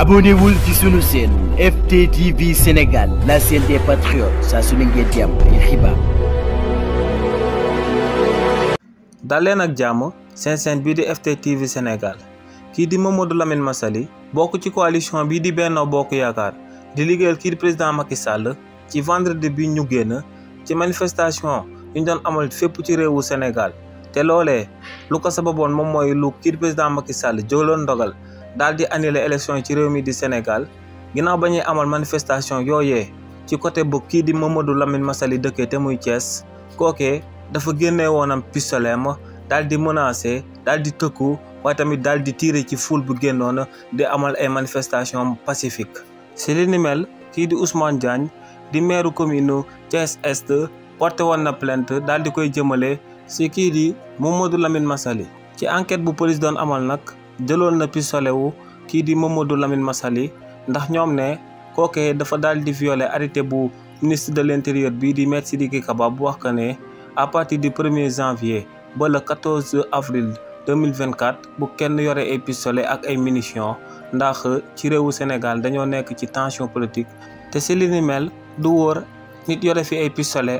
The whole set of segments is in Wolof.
abonnewul ci sunu chaîne FTTV Sénégal la chaîne des patriotes saa su ngeen di am xibaar. dal jàmm seen bii di FTTV Sénégal kii di Mamadou Lamine Massaly bokk ci coalition bii di Benno Bokk Yaakaar di liggéeyal kii président Macky sàll ci vendredi bi ñu génn ci manifestation yu ñu doon amal fépp ci réewu Sénégal te loolee lu ko sababoon moom mooy lu kii président Macky sàll jëloon ndogal. daal di annuler élection ci réew mi di Sénégal ginnaaw ba ñuy amal manifestation yooyee ci côté bu kii di Mamadou Lamine Massaly dëkkee te muy Thiès kookee dafa génne woonam pistolet ma daal di menacé daal di tëkku waaye tamit daal di tiire ci foule bu génnoon di amal ay manifestation pacifique si li ni mel kii di Ousmane Diagne di maire commune Thiès Est porté woon na plainte daal di koy jëmale si kii di Mamadou Lamine Massaly ci enquête bu police doon amal nag jëloon na pistolet wu kii di Mamadou Lamine masali, ndax ñoom ne kookee dafa daal di violer arrêté bu ministre de l'Intérieur, bidi bii di Maître Sidiki Kaba bu wax à partir du 1er janvier ba le 14 avril 2024 bu kenn yore ay avec ak ay munitions ndax ci réewu Sénégal dañoo nekk ci tension politique te si li ni mel du wóor nit yore fi ay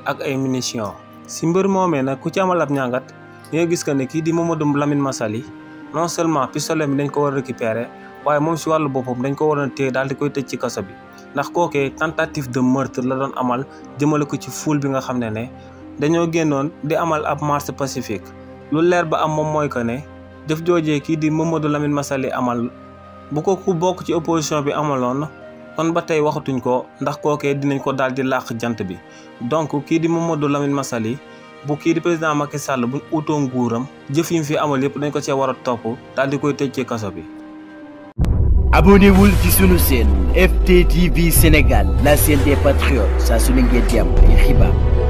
ak ay munitions. si mbir moomee nag ku ci amal ab ñàngat gis que ne kii di Mamadou Lamine masali. non seulement pistolet bi dañ ko war a récupérer waaye moom si wàllu boppam dañ ko war a téye daal di koy tëj ci kaso bi ndax kookee tentative de meurtre la doon amal jëmale ko ci foule bi nga xam ne ne dañoo génnoon di amal ab marche pacifique lu leer ba am moom mooy que ne jëf joojee kii di Mamadou Lamine Massaly amal bu ko ku bokk ci opposition bi amaloon kon ba tey waxatuñ ko ndax kookee dinañ ko daal di làq jant bi donc kii di Mamadou Lamine Massaly bu kii di président Macky Sall buñ utoo nguuram jëf yi mu fi amal yëpp dañ ko cee war a topp daal di koy tëj ci kaso bi. abonnez-vous ci sunu chaîne FTTV Sénégal la chaîne des patriotes saa su ne ngeen di am xibaar.